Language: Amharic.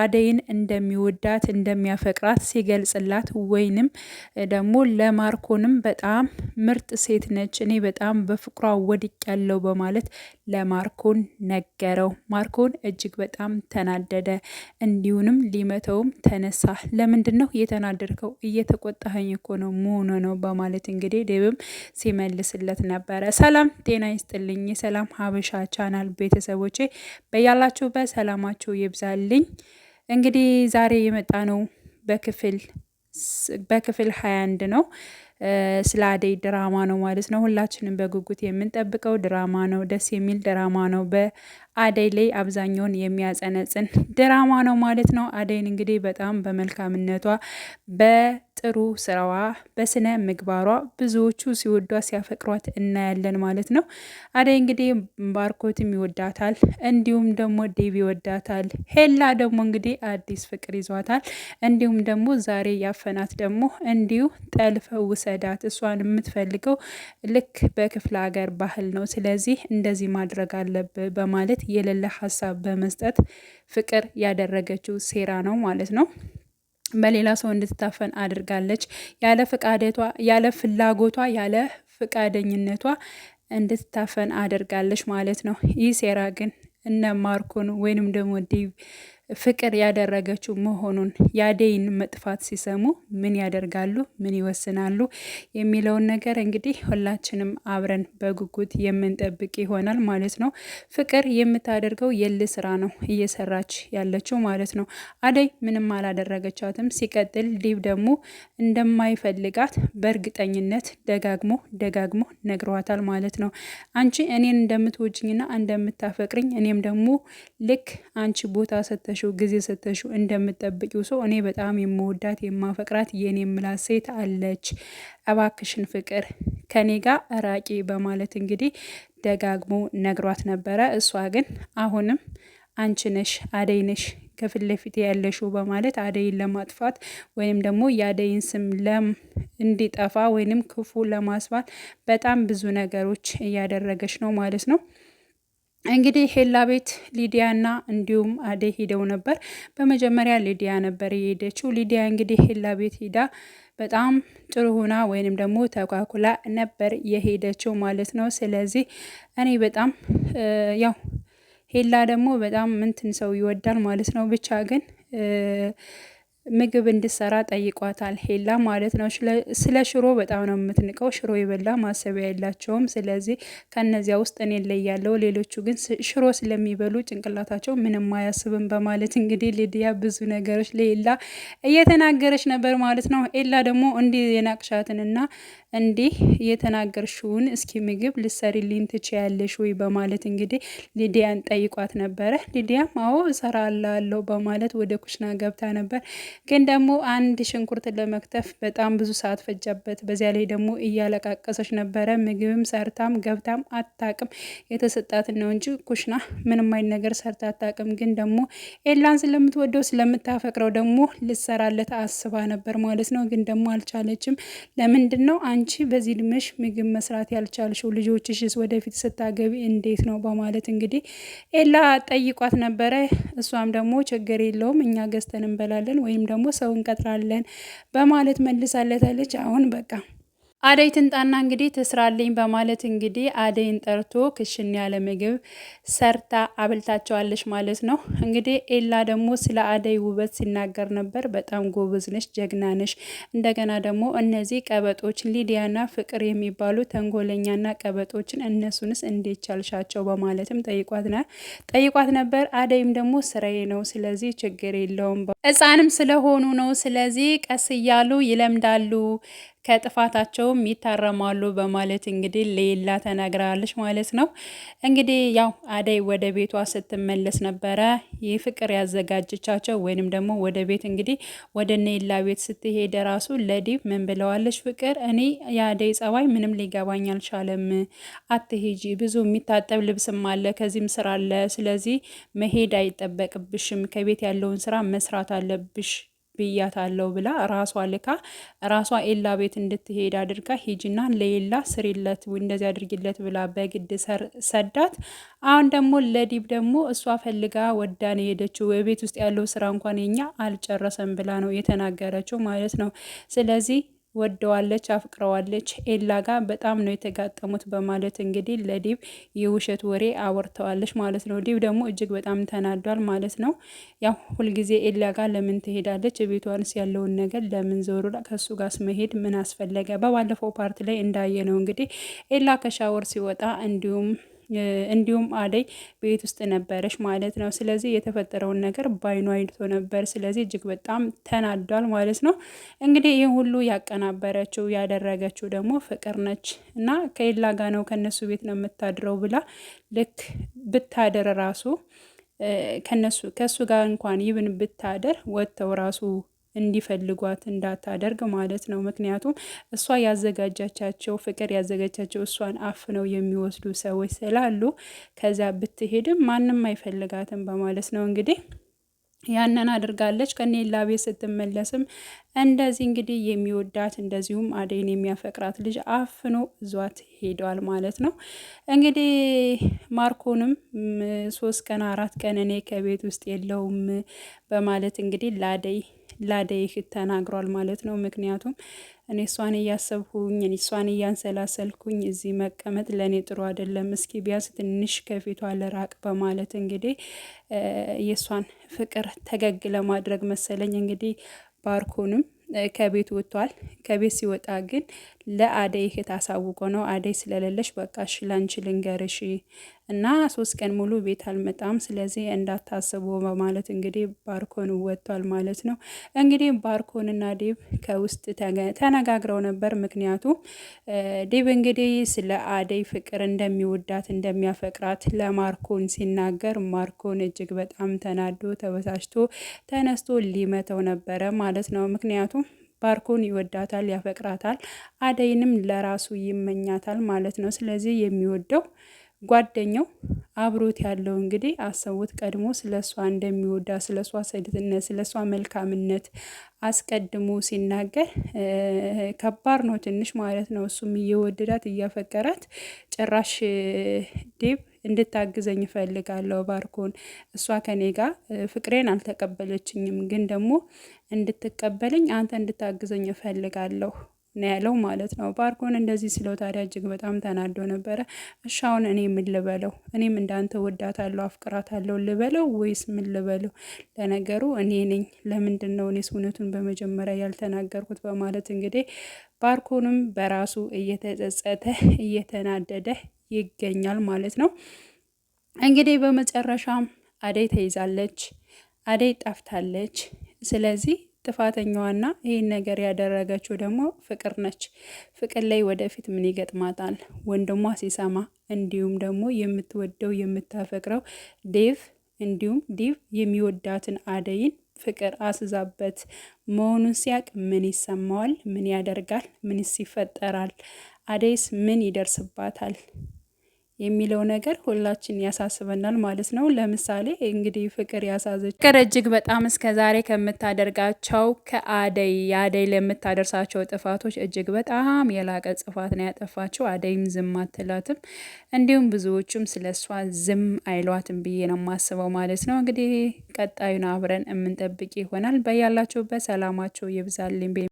አደይን እንደሚወዳት እንደሚያፈቅራት ሲገልጽላት ወይንም ደግሞ ለማርኮንም በጣም ምርጥ ሴት ነች፣ እኔ በጣም በፍቅሯ ወድቅ ያለው በማለት ለማርኮን ነገረው። ማርኮን እጅግ በጣም ተናደደ። እንዲሁንም ሊመተውም ተነሳ። ለምንድን ነው እየተናደድከው? እየተቆጣኸኝ እኮ ነው መሆኑ ነው በማለት እንግዲህ ዴብም ሲመልስለት ነበረ። ሰላም ጤና ይስጥልኝ። የሰላም ሀበሻ ቻናል ቤተሰቦቼ በያላችሁ በሰላማችሁ ይብዛልኝ። እንግዲህ ዛሬ የመጣ ነው በክፍል በክፍል 21 ነው። ስለ አደይ ድራማ ነው ማለት ነው። ሁላችንም በጉጉት የምንጠብቀው ድራማ ነው። ደስ የሚል ድራማ ነው። በአደይ ላይ አብዛኛውን የሚያጸነጽን ድራማ ነው ማለት ነው። አደይን እንግዲህ በጣም በመልካምነቷ በጥሩ ስራዋ፣ በስነ ምግባሯ ብዙዎቹ ሲወዷት ሲያፈቅሯት እናያለን ማለት ነው። አደይ እንግዲህ ባርኮትም ይወዳታል፣ እንዲሁም ደግሞ ዴቭ ይወዳታል። ሄላ ደግሞ እንግዲህ አዲስ ፍቅር ይዟታል። እንዲሁም ደግሞ ዛሬ ያፈናት ደግሞ እንዲሁ ውሰ ከበዳት። እሷን የምትፈልገው ልክ በክፍለ ሀገር ባህል ነው። ስለዚህ እንደዚህ ማድረግ አለብህ በማለት የሌለ ሀሳብ በመስጠት ፍቅር ያደረገችው ሴራ ነው ማለት ነው። በሌላ ሰው እንድትታፈን አድርጋለች። ያለ ፍቃደቷ፣ ያለ ፍላጎቷ፣ ያለ ፍቃደኝነቷ እንድትታፈን አድርጋለች ማለት ነው። ይህ ሴራ ግን እነ ማርኮን ወይንም ደግሞ ዲቭ ፍቅር ያደረገችው መሆኑን የአደይን መጥፋት ሲሰሙ ምን ያደርጋሉ፣ ምን ይወስናሉ የሚለውን ነገር እንግዲህ ሁላችንም አብረን በጉጉት የምንጠብቅ ይሆናል ማለት ነው። ፍቅር የምታደርገው የል ስራ ነው እየሰራች ያለችው ማለት ነው። አደይ ምንም አላደረገቻትም። ሲቀጥል ዲብ ደግሞ እንደማይፈልጋት በእርግጠኝነት ደጋግሞ ደጋግሞ ነግሯታል ማለት ነው። አንቺ እኔን እንደምትወጅኝና እንደምታፈቅርኝ እኔም ደግሞ ልክ አንቺ ቦታ ሰተሽ ሰጥተሽው ጊዜ ሰጥተሽው እንደምጠብቂው ሰው እኔ በጣም የምወዳት የማፈቅራት የኔ የምላት ሴት አለች። እባክሽን ፍቅር ከኔ ጋር ራቂ በማለት እንግዲህ ደጋግሞ ነግሯት ነበረ። እሷ ግን አሁንም አንቺ ነሽ አደይ ነሽ ከፊት ለፊት ያለሽው በማለት አደይን ለማጥፋት ወይም ደግሞ የአደይን ስም ለም እንዲጠፋ ወይንም ክፉ ለማስባት በጣም ብዙ ነገሮች እያደረገች ነው ማለት ነው። እንግዲህ ሄላ ቤት ሊዲያና እንዲሁም አዴ ሂደው ነበር። በመጀመሪያ ሊዲያ ነበር የሄደችው። ሊዲያ እንግዲህ ሄላ ቤት ሂዳ በጣም ጥሩ ሆና ወይንም ደግሞ ተኳኩላ ነበር የሄደችው ማለት ነው። ስለዚህ እኔ በጣም ያው ሄላ ደግሞ በጣም ምንትን ሰው ይወዳል ማለት ነው። ብቻ ግን ምግብ እንድሰራ ጠይቋታል። ሄላ ማለት ነው። ስለ ሽሮ በጣም ነው የምትንቀው። ሽሮ የበላ ማሰቢያ የላቸውም። ስለዚህ ከነዚያ ውስጥ እኔ ያለው ሌሎቹ ግን ሽሮ ስለሚበሉ ጭንቅላታቸው ምንም አያስብም በማለት እንግዲህ ሊዲያ ብዙ ነገሮች ለሄላ እየተናገረች ነበር ማለት ነው። ሄላ ደግሞ እንዲህ የናቅሻትንና እንዲህ እየተናገርሽውን እስኪ ምግብ ልሰሪልኝ ትችያለሽ ወይ በማለት እንግዲህ ሊዲያን ጠይቋት ነበረ። ሊዲያም አዎ እሰራላለሁ በማለት ወደ ኩሽና ገብታ ነበር። ግን ደግሞ አንድ ሽንኩርትን ለመክተፍ በጣም ብዙ ሰዓት ፈጃበት። በዚያ ላይ ደግሞ እያለቃቀሰች ነበረ። ምግብም ሰርታም ገብታም አታቅም። የተሰጣትን ነው እንጂ ኩሽና ምንም አይነት ነገር ሰርታ አታቅም። ግን ደግሞ ኤላን ስለምትወደው ስለምታፈቅረው ደግሞ ልትሰራለት አስባ ነበር ማለት ነው። ግን ደግሞ አልቻለችም። ለምንድን ነው አንቺ በዚህ ድምሽ ምግብ መስራት ያልቻልሽው? ልጆችሽስ ወደፊት ስታገቢ እንዴት ነው በማለት እንግዲህ ኤላ ጠይቋት ነበረ። እሷም ደግሞ ችግር የለውም እኛ ገዝተን እንበላለን ወይም ወይም ደግሞ ሰው እንቀጥራለን በማለት መልሳለታለች። አሁን በቃ አደይ ትንጣና እንግዲህ ትስራልኝ በማለት እንግዲህ አደይን ጠርቶ ክሽን ያለ ምግብ ሰርታ አብልታቸዋለች ማለት ነው። እንግዲህ ኤላ ደግሞ ስለ አደይ ውበት ሲናገር ነበር። በጣም ጎበዝ ነሽ፣ ጀግና ነሽ። እንደገና ደግሞ እነዚህ ቀበጦች ሊዲያና ፍቅር የሚባሉ ተንኮለኛና ቀበጦችን እነሱንስ እንዴት ቻልሻቸው በማለትም ጠይቋት ነበር። አደይም ደግሞ ስራዬ ነው፣ ስለዚህ ችግር የለውም፣ ህፃንም ስለሆኑ ነው፣ ስለዚህ ቀስ እያሉ ይለምዳሉ ከጥፋታቸውም ይታረማሉ በማለት እንግዲህ ሌላ ተናግራለች ማለት ነው። እንግዲህ ያው አደይ ወደ ቤቷ ስትመለስ ነበረ ይህ ፍቅር ያዘጋጀቻቸው ወይንም ደግሞ ወደ ቤት እንግዲህ ወደ ኔላ ቤት ስትሄድ ራሱ ለዲብ ምን ብለዋለች? ፍቅር እኔ የአደይ ጸባይ ምንም ሊገባኝ አልቻለም። አትሄጂ፣ ብዙ የሚታጠብ ልብስም አለ፣ ከዚህም ስራ አለ። ስለዚህ መሄድ አይጠበቅብሽም፣ ከቤት ያለውን ስራ መስራት አለብሽ ብያታለሁ ብላ ራሷ ልካ ራሷ ኤላ ቤት እንድትሄድ አድርጋ ሂጂና ለኤላ ስሪለት እንደዚህ አድርጊለት ብላ በግድ ሰዳት። አሁን ደግሞ ለዲብ ደግሞ እሷ ፈልጋ ወዳ ነው የሄደችው። በቤት ውስጥ ያለው ስራ እንኳን የኛ አልጨረሰም ብላ ነው የተናገረችው ማለት ነው። ስለዚህ ወደዋለች፣ አፍቅረዋለች ኤላ ጋር በጣም ነው የተጋጠሙት በማለት እንግዲህ ለዲብ የውሸት ወሬ አወርተዋለች ማለት ነው። ዲብ ደግሞ እጅግ በጣም ተናዷል ማለት ነው። ያ ሁልጊዜ ኤላ ጋር ለምን ትሄዳለች? ቤቷንስ ያለውን ነገር ለምን ዞሩ ከሱ ጋር መሄድ ምን አስፈለገ? በባለፈው ፓርት ላይ እንዳየ ነው እንግዲህ ኤላ ከሻወር ሲወጣ እንዲሁም እንዲሁም አደይ ቤት ውስጥ ነበረች ማለት ነው። ስለዚህ የተፈጠረውን ነገር ባይኑ አይቶ ነበር። ስለዚህ እጅግ በጣም ተናዷል ማለት ነው። እንግዲህ ይህ ሁሉ ያቀናበረችው ያደረገችው ደግሞ ፍቅር ነች እና ከሌላ ጋ ነው ከነሱ ቤት ነው የምታድረው ብላ ልክ ብታደር ራሱ ከነሱ ከእሱ ጋር እንኳን ይብን ብታደር ወጥተው ራሱ እንዲፈልጓት እንዳታደርግ ማለት ነው። ምክንያቱም እሷ ያዘጋጃቻቸው ፍቅር ያዘጋጃቸው እሷን አፍነው የሚወስዱ ሰዎች ስላሉ ከዛ ብትሄድም ማንም አይፈልጋትም በማለት ነው እንግዲህ ያንን አድርጋለች። ከኔላ ቤት ስትመለስም እንደዚህ እንግዲህ የሚወዳት እንደዚሁም አደይን የሚያፈቅራት ልጅ አፍኖ እዟት ሄዷል ማለት ነው። እንግዲህ ማርኮንም ሶስት ቀን አራት ቀን እኔ ከቤት ውስጥ የለውም በማለት እንግዲህ ለአደይ ላደይህ ተናግሯል ማለት ነው። ምክንያቱም እኔ እሷን እያሰብኩኝ እሷን እያንሰላሰልኩኝ እዚህ መቀመጥ ለእኔ ጥሩ አይደለም፣ እስኪ ቢያንስ ትንሽ ከፊቷ ልራቅ በማለት እንግዲህ የእሷን ፍቅር ተገግ ለማድረግ መሰለኝ እንግዲህ ባርኮንም ከቤት ወጥቷል። ከቤት ሲወጣ ግን ለአደይ እህት አሳውቆ ነው። አደይ ስለሌለሽ በቃ እሺ ላንቺ ልንገርሽ እና ሶስት ቀን ሙሉ ቤት አልመጣም፣ ስለዚህ እንዳታስቡ በማለት እንግዲህ ባርኮን ወጥቷል ማለት ነው። እንግዲህ ባርኮንና ዴብ ከውስጥ ተነጋግረው ነበር። ምክንያቱ ዴብ እንግዲህ ስለ አደይ ፍቅር እንደሚወዳት እንደሚያፈቅራት ለማርኮን ሲናገር ማርኮን እጅግ በጣም ተናዶ ተበሳጭቶ ተነስቶ ሊመተው ነበረ ማለት ነው ምክንያቱም ባርኮን ይወዳታል፣ ያፈቅራታል፣ አደይንም ለራሱ ይመኛታል ማለት ነው። ስለዚህ የሚወደው ጓደኛው አብሮት ያለው እንግዲህ አሰቡት። ቀድሞ ስለ እሷ እንደሚወዳ ስለ እሷ ሰድትነት፣ ስለ እሷ መልካምነት አስቀድሞ ሲናገር ከባድ ነው ትንሽ ማለት ነው። እሱም እየወደዳት እያፈቀራት ጭራሽ ዴብ እንድታግዘኝ እፈልጋለሁ። ባርኮን እሷ ከኔ ጋር ፍቅሬን አልተቀበለችኝም፣ ግን ደግሞ እንድትቀበለኝ አንተ እንድታግዘኝ እፈልጋለሁ ነው ያለው ማለት ነው። ባርኮን እንደዚህ ስለው ታዲያ እጅግ በጣም ተናዶ ነበረ። እሺ አሁን እኔ ምን ልበለው? እኔም እንዳንተ ወዳታለሁ አፍቅራታለሁ ልበለው ወይስ ምን ልበለው? ለነገሩ እኔ ነኝ፣ ለምንድን ነው እኔስ እውነቱን በመጀመሪያ ያልተናገርኩት? በማለት እንግዲህ ባርኮንም በራሱ እየተጸጸተ እየተናደደ ይገኛል ማለት ነው። እንግዲህ በመጨረሻም አደይ ተይዛለች፣ አደይ ጠፍታለች። ስለዚህ ጥፋተኛዋና ይህን ነገር ያደረገችው ደግሞ ፍቅር ነች። ፍቅር ላይ ወደፊት ምን ይገጥማታል ወንድሟ ሲሰማ፣ እንዲሁም ደግሞ የምትወደው የምታፈቅረው ዴቭ እንዲሁም ዴቭ የሚወዳትን አደይን ፍቅር አስዛበት መሆኑን ሲያቅ ምን ይሰማዋል? ምን ያደርጋል? ምንስ ይፈጠራል? አደይስ ምን ይደርስባታል? የሚለው ነገር ሁላችን ያሳስበናል ማለት ነው። ለምሳሌ እንግዲህ ፍቅር ያሳዘች ፍቅር እጅግ በጣም እስከዛሬ ከምታደርጋቸው ከአደይ የአደይ ለምታደርሳቸው ጥፋቶች እጅግ በጣም የላቀ ጥፋት ነው ያጠፋቸው። አደይም ዝም አትላትም፣ እንዲሁም ብዙዎቹም ስለ እሷ ዝም አይሏትም ብዬ ነው የማስበው ማለት ነው። እንግዲህ ቀጣዩን አብረን የምንጠብቅ ይሆናል። በያላችሁበት ሰላማቸው ይብዛልኝ።